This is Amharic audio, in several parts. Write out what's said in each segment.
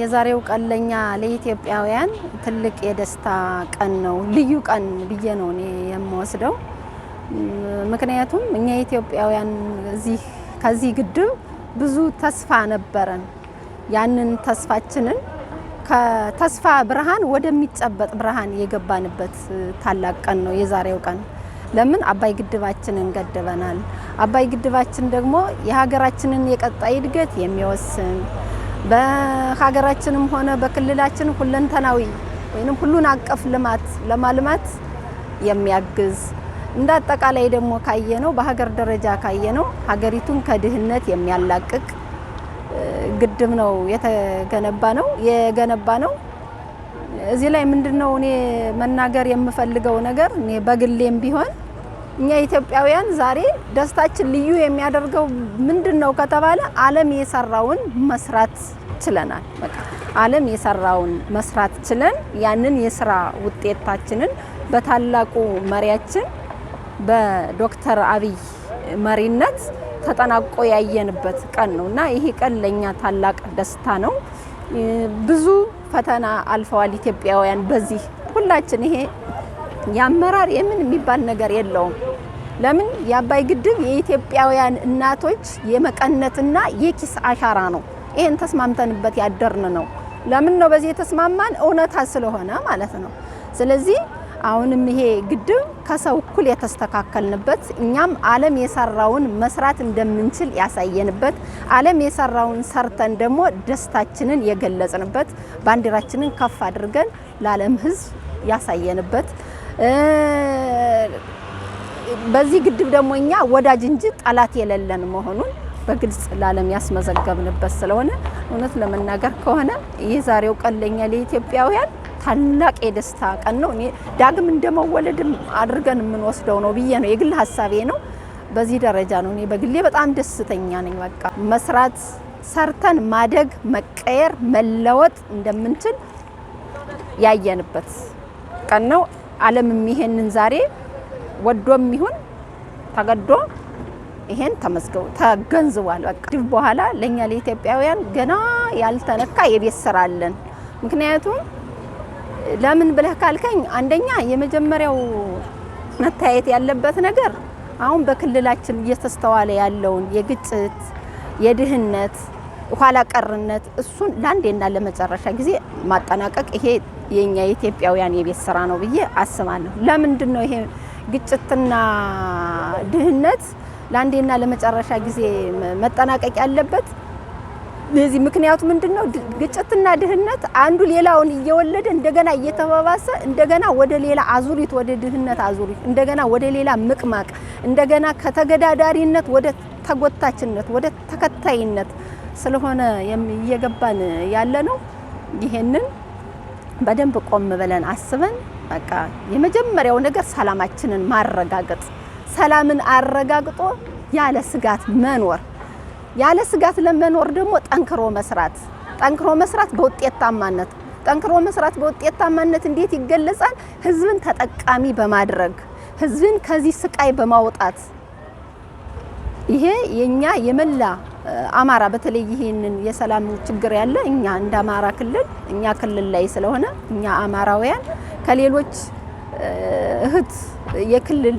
የዛሬው ቀን ለኛ ለኢትዮጵያውያን ትልቅ የደስታ ቀን ነው፣ ልዩ ቀን ብዬ ነው እኔ የምወስደው። ምክንያቱም እኛ ኢትዮጵያውያን እዚህ ከዚህ ግድብ ብዙ ተስፋ ነበረን። ያንን ተስፋችንን ከተስፋ ብርሃን ወደሚጨበጥ ብርሃን የገባንበት ታላቅ ቀን ነው የዛሬው ቀን። ለምን አባይ ግድባችንን ገድበናል። አባይ ግድባችን ደግሞ የሀገራችንን የቀጣይ እድገት የሚወስን በሀገራችንም ሆነ በክልላችን ሁለንተናዊ ወይም ሁሉን አቀፍ ልማት ለማልማት የሚያግዝ እንደ አጠቃላይ ደግሞ ካየነው በሀገር ደረጃ ካየነው ሀገሪቱን ከድህነት የሚያላቅቅ ግድብ ነው የተገነባ ነው የገነባ ነው። እዚህ ላይ ምንድነው እኔ መናገር የምፈልገው ነገር እኔ በግሌም ቢሆን እኛ ኢትዮጵያውያን ዛሬ ደስታችን ልዩ የሚያደርገው ምንድን ነው ከተባለ ዓለም የሰራውን መስራት ችለናል። በቃ ዓለም የሰራውን መስራት ችለን ያንን የስራ ውጤታችንን በታላቁ መሪያችን በዶክተር አብይ መሪነት ተጠናቆ ያየንበት ቀን ነው እና ይሄ ቀን ለእኛ ታላቅ ደስታ ነው። ብዙ ፈተና አልፈዋል ኢትዮጵያውያን። በዚህ ሁላችን ይሄ የአመራር የምን የሚባል ነገር የለውም። ለምን የአባይ ግድብ የኢትዮጵያውያን እናቶች የመቀነትና የኪስ አሻራ ነው። ይሄን ተስማምተንበት ያደርን ነው። ለምን ነው በዚህ የተስማማን? እውነታ ስለሆነ ማለት ነው። ስለዚህ አሁንም ይሄ ግድብ ከሰው እኩል የተስተካከልንበት እኛም ዓለም የሰራውን መስራት እንደምንችል ያሳየንበት፣ ዓለም የሰራውን ሰርተን ደግሞ ደስታችንን የገለጽንበት፣ ባንዲራችንን ከፍ አድርገን ለዓለም ሕዝብ ያሳየንበት በዚህ ግድብ ደግሞ እኛ ወዳጅ እንጂ ጠላት የሌለን መሆኑን በግልጽ ለዓለም ያስመዘገብንበት ስለሆነ እውነት ለመናገር ከሆነ ይህ ዛሬው ቀን ለኢትዮጵያውያን ታላቅ የደስታ ቀን ነው። እኔ ዳግም እንደመወለድ አድርገን የምንወስደው ነው ብዬ ነው የግል ሀሳቤ ነው። በዚህ ደረጃ ነው እኔ በግሌ በጣም ደስተኛ ነኝ። በቃ መስራት፣ ሰርተን ማደግ፣ መቀየር፣ መለወጥ እንደምንችል ያየንበት ቀን ነው። ዓለምም ይሄንን ዛሬ ወዶም ይሁን ተገዶ ይሄን ተመዝገው ተገንዝቧል። በቃ ድብ በኋላ ለእኛ ለኢትዮጵያውያን ገና ያልተነካ የቤት ስራ አለን። ምክንያቱም ለምን ብለህ ካልከኝ አንደኛ የመጀመሪያው መታየት ያለበት ነገር አሁን በክልላችን እየተስተዋለ ያለውን የግጭት፣ የድህነት፣ ኋላ ቀርነት እሱን ለአንዴና ለመጨረሻ ጊዜ ማጠናቀቅ ይሄ የኛ የኢትዮጵያውያን የቤት ስራ ነው ብዬ አስባለሁ። ለምንድን ነው ይሄ ግጭትና ድህነት ለአንዴና ለመጨረሻ ጊዜ መጠናቀቅ ያለበት። ለዚህ ምክንያቱ ምንድን ነው? ግጭትና ድህነት አንዱ ሌላውን እየወለደ እንደገና እየተባባሰ እንደገና ወደ ሌላ አዙሪት፣ ወደ ድህነት አዙሪት እንደገና ወደ ሌላ ምቅማቅ እንደገና ከተገዳዳሪነት ወደ ተጎታችነት፣ ወደ ተከታይነት ስለሆነ እየገባን ያለ ነው። ይሄንን በደንብ ቆም ብለን አስበን በቃ የመጀመሪያው ነገር ሰላማችንን ማረጋገጥ፣ ሰላምን አረጋግጦ ያለ ስጋት መኖር። ያለ ስጋት ለመኖር ደግሞ ጠንክሮ መስራት፣ ጠንክሮ መስራት በውጤታማነት ጠንክሮ መስራት በውጤታማነት እንዴት ይገለጻል? ህዝብን ተጠቃሚ በማድረግ ህዝብን ከዚህ ስቃይ በማውጣት ይሄ የኛ የመላ አማራ በተለይ ይህንን የሰላም ችግር ያለ እኛ እንደ አማራ ክልል እኛ ክልል ላይ ስለሆነ እኛ አማራውያን ከሌሎች እህት የክልል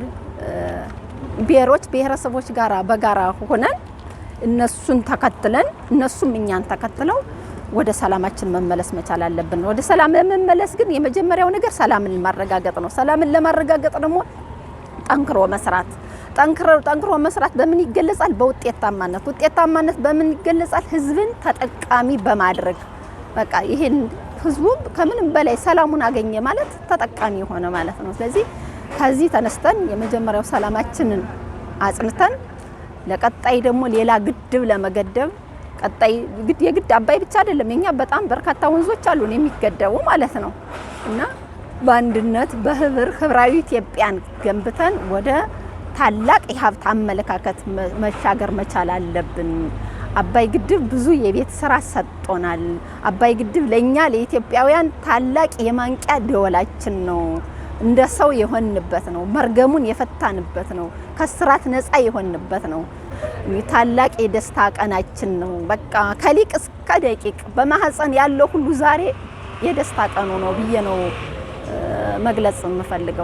ብሔሮች ብሔረሰቦች ጋር በጋራ ሆነን እነሱን ተከትለን እነሱም እኛን ተከትለው ወደ ሰላማችን መመለስ መቻል አለብን። ወደ ሰላም ለመመለስ ግን የመጀመሪያው ነገር ሰላምን ማረጋገጥ ነው። ሰላምን ለማረጋገጥ ደግሞ ጠንክሮ መስራት ጠንክሮ መስራት በምን ይገለጻል? በውጤታማነት። ውጤታማነት በምን ይገለጻል? ህዝብን ተጠቃሚ በማድረግ በቃ ይሄን ህዝቡ ከምንም በላይ ሰላሙን አገኘ ማለት ተጠቃሚ የሆነ ማለት ነው። ስለዚህ ከዚህ ተነስተን የመጀመሪያው ሰላማችንን አጽንተን ለቀጣይ ደግሞ ሌላ ግድብ ለመገደብ ቀጣይ የግድ አባይ ብቻ አይደለም የኛ በጣም በርካታ ወንዞች አሉን የሚገደቡ ማለት ነው እና በአንድነት በህብር ህብራዊ ኢትዮጵያን ገንብተን ወደ ታላቅ የሀብት አመለካከት መሻገር መቻል አለብን። አባይ ግድብ ብዙ የቤት ስራ ሰጥቶናል። አባይ ግድብ ለእኛ ለኢትዮጵያውያን ታላቅ የማንቂያ ደወላችን ነው። እንደ ሰው የሆንበት ነው። መርገሙን የፈታንበት ነው። ከስራት ነፃ የሆንበት ነው። ታላቅ የደስታ ቀናችን ነው። በቃ ከሊቅ እስከ ደቂቅ በማህፀን ያለው ሁሉ ዛሬ የደስታ ቀኑ ነው ብዬ ነው መግለጽ የምፈልገው።